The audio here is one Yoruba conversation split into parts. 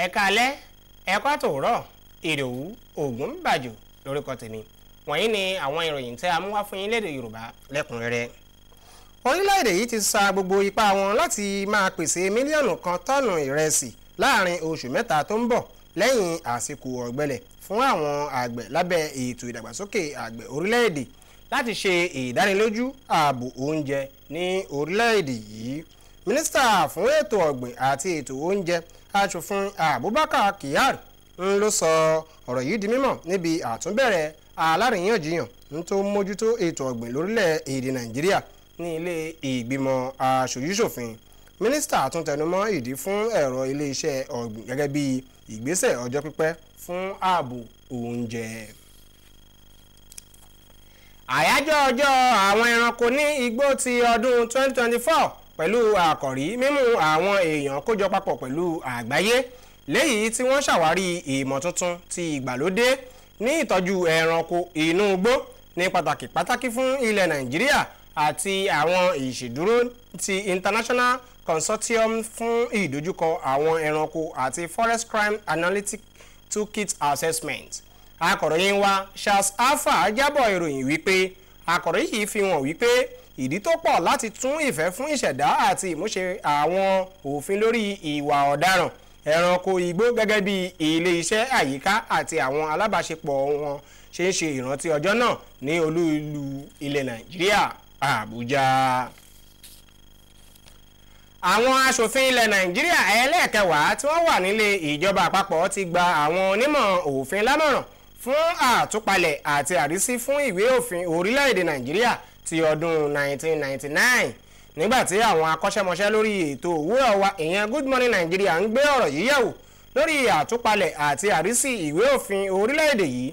ẹ káalẹ́ ẹ kú àtòwúrọ̀ ìdòwú ògúnbàjò lórúkọ tèmi wọ̀nyí ni àwọn ìròyìn tẹ́ a mú wá fún yín lédè yorùbá lẹ́kùnrẹ́rẹ́ orílẹ̀-èdè yìí ti sa gbogbo ipá wọn láti máa pèsè mílíọ̀nù kan tọ́nù ìrẹsì láàrin oṣù mẹ́ta tó ń bọ̀ lẹ́yìn àsìkò ọ̀gbẹlẹ̀ fún àwọn àgbẹ̀ lábẹ́ ètò ìdàgbàsókè àgbẹ̀ orílẹ̀-èdè láti ṣe ìdánilójú ààbò oúnjẹ ní orílẹ̀-èdè yìí mínísítà fún ètò ọ̀gbìn àti ètò oúnjẹ aṣòfin Abubakar Kyari ń ló sọ ọ̀rọ̀ yìí di mímọ̀ níbi àtúnbẹ̀rẹ̀ alárìíyànjiyàn ń tó mójútó ètò ọ̀gbìn lórílẹ̀ èdè Nàìjíríà ní ilé ìgbìmọ̀ aṣòjúṣòfin mínísítà tún tẹnumọ́ ìdí fún ẹ̀rọ iléeṣẹ́ ọ̀gbìn gẹ́gẹ́ bí ìgbésẹ̀ ọjọ́ pípẹ́ fún ààbò oúnjẹ àyájọ́ ọjọ́ àwọn ẹranko ní igbó ti ọdún 2024 pẹ̀lú àkọ̀rí mímú àwọn èèyàn kójọ papọ̀ pẹ̀lú àgbáyé léyìí tí wọ́n ṣàwárí ìmọ̀ tuntun ti ìgbàlódé ní ìtọ́jú ẹranko inú igbó ní pàtàkì pàtàkì fún ilẹ̀ nàìjíríà àti àwọn ìṣèdúró ti international consortium fún ìdojúkọ àwọn ẹranko àti forest crime analytic toolkit assessment akọ̀ròyìn wa charles alfa jábọ̀ ìròyìn wípé akọ̀ròyìn yìí fi hàn wípé ìdí tó pọ̀ láti tún ìfẹ́ fún ìṣẹ̀dá àti ìmúṣe àwọn òfin lórí ìwà ọ̀daràn ẹranko igbó gẹ́gẹ́ bí ilé-iṣẹ́ àyíká àti àwọn alábàáṣepọ̀ wọn ṣe ń ṣe ìrántí ọjọ́ náà ní olú ìlú ilẹ̀ nàìjíríà àbújá àwọn aṣòfin ilẹ̀ nàìjíríà ẹlẹ́ẹ̀kẹwàá tí wọ́n wà nílé ìjọba àpapọ̀ ti gba àwọn onímọ̀ òfin lámọ̀ràn fún àtúpalẹ̀ àti àrísí fún ìwé òfin orílẹ̀-èdè nàìjíríà ti ọdún 1999 nígbà tí àwọn akọ́ṣẹ́mọṣẹ́ lórí ètò òwúrọ̀ wa ìyẹn Good Morning Nigeria ń gbé ọ̀rọ̀ yìí yẹ̀wò lórí àtúpalẹ̀ àti àrísí ìwé òfin orílẹ̀-èdè yìí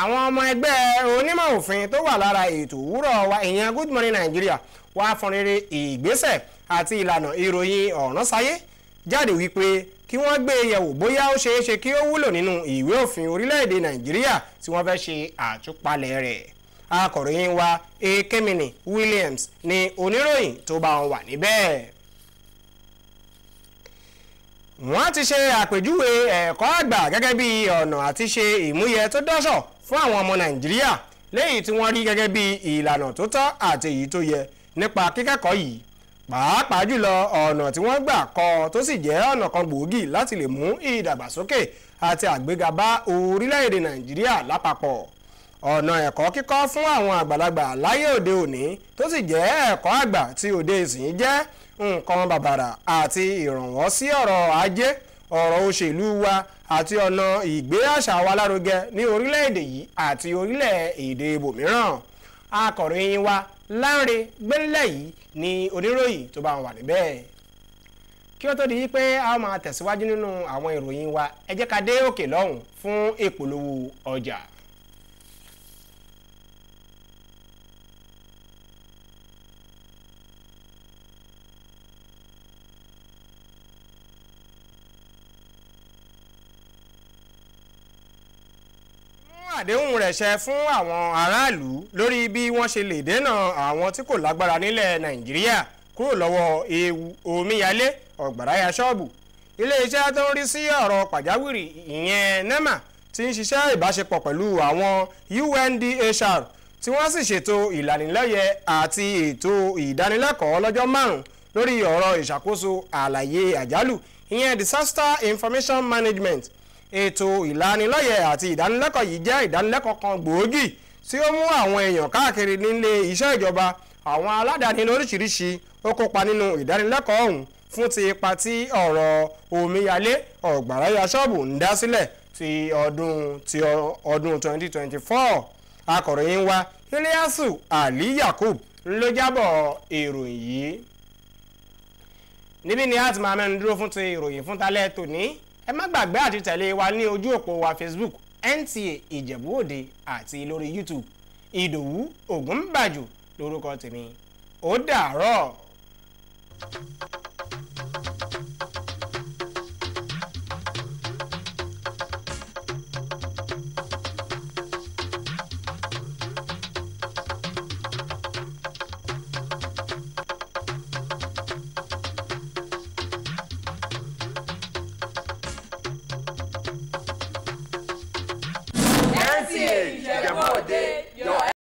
àwọn ọmọ ẹgbẹ́ onímọ̀ òfin tó wà lára ètò òwúrọ̀ wa ìyẹn Good Morning Nigeria wá fọn rere ìgbésẹ̀ àti ìlànà ìròyìn ọ̀ràn sáyé jáde wípé kí wọ́n gbé e yẹ̀wò bóyá ó ṣeé ṣe kí ó wúlò nínú ìwé òfin orílẹ̀-èdè Nàìjíríà tí wọ́n fẹ́ ṣe àtúpalẹ̀ rẹ̀ akọ̀ròyìn wa ekemini Williams ni oníròyìn tó bá wọn wà níbẹ̀ wọ́n ti ṣe àpèjúwe ẹ̀kọ́ àgbà gẹ́gẹ́ bí ọ̀nà àti ṣe ìmúyẹ tó dọ́ṣọ̀ fún àwọn ọmọ Nàìjíríà léyìí tí wọ́n rí gẹ́gẹ́ bí ìlànà tó tọ́ àti èyí tó yẹ nípa kíkẹ́kọ̀ọ́ yìí pàápàá jùlọ ọ̀nà tí wọ́n gbà kọ́ tó sì jẹ́ ọ̀nà kan gbòógì láti lè mú ìdàgbàsókè àti àgbéga bá orílẹ̀-èdè Nàìjíríà lápapọ̀ ọ̀nà ẹ̀kọ́ kíkọ́ fún àwọn àgbàlagbà láyé òde òní tó sì jẹ́ ẹ̀kọ́ àgbà tí òde ìsìn jẹ́ nǹkan bàbàrà àti ìrànwọ́ sí ọ̀rọ̀ ajé ọ̀rọ̀ òṣèlú wa àti ọ̀nà ìgbé àṣà wa lárugẹ ní orílẹ̀-èdè yìí àti orílẹ̀-èdè ibòmíràn akọ̀ròyìn wa Lánre Gbẹ́nlẹ̀ yìí ni oníròyìn tó bá wà níbẹ̀ kí ó tó di pé a máa tẹ̀síwájú nínú àwọn ìròyìn wa ẹ jẹ́ ká dé òkè lọ́hùn fún ìpolówó ọjà. àdéhùn rẹ̀ ṣẹ fún àwọn aráàlú lórí bí wọ́n ṣe lè dènà àwọn tí kò lágbára nílẹ̀ nàìjíríà kúrò lọ́wọ́ ewu omíyalé ọ̀gbàráyà ṣọ́ọ̀bù iléeṣẹ́ tó ń rí sí ọ̀rọ̀ pàjáwìrì ìyẹn nema ti ń ṣiṣẹ́ ìbáṣepọ̀ pẹ̀lú àwọn UNDHR tí wọ́n sì ṣètò ìlanilọ́yẹ àti ètò ìdánilẹ́kọ̀ọ́ lọ́jọ́ márùn-ún lórí ọ̀rọ̀ ìṣàkóso àlàyé àjálù ìyẹn disaster information management ètò ìlanilọ́yẹ̀ àti ìdánilẹ́kọ̀ọ́ yìí jẹ́ ìdánilẹ́kọ̀ọ́ kan gbòógì tí ó mú àwọn èèyàn káàkiri nílé iṣẹ́ ìjọba àwọn aládàáni lóríṣiríṣi ó kópa nínú ìdánilẹ́kọ̀ọ́ ọ̀hún fún ti ipa tí ọ̀rọ̀ omíyalé ọ̀gbàrá ṣọ́ọ̀bù ń dá sílẹ̀ ti ọdún ti ọdún 2024 akọ̀ròyìn wa Ilyasu Ali Yakub ló jábọ̀ ìròyìn yìí níbí ni a ti máa mẹ́nu dúró fún ti ìròyìn fún tòní ẹ má gbàgbé àti tẹ̀lé wa ní ojú òpó wa Facebook NTA Ìjẹ̀bú Òde àti lórí YouTube Ìdòwú Ògúnbàjò lórúkọ tèmi ó dàárọ̀. thank you Camode.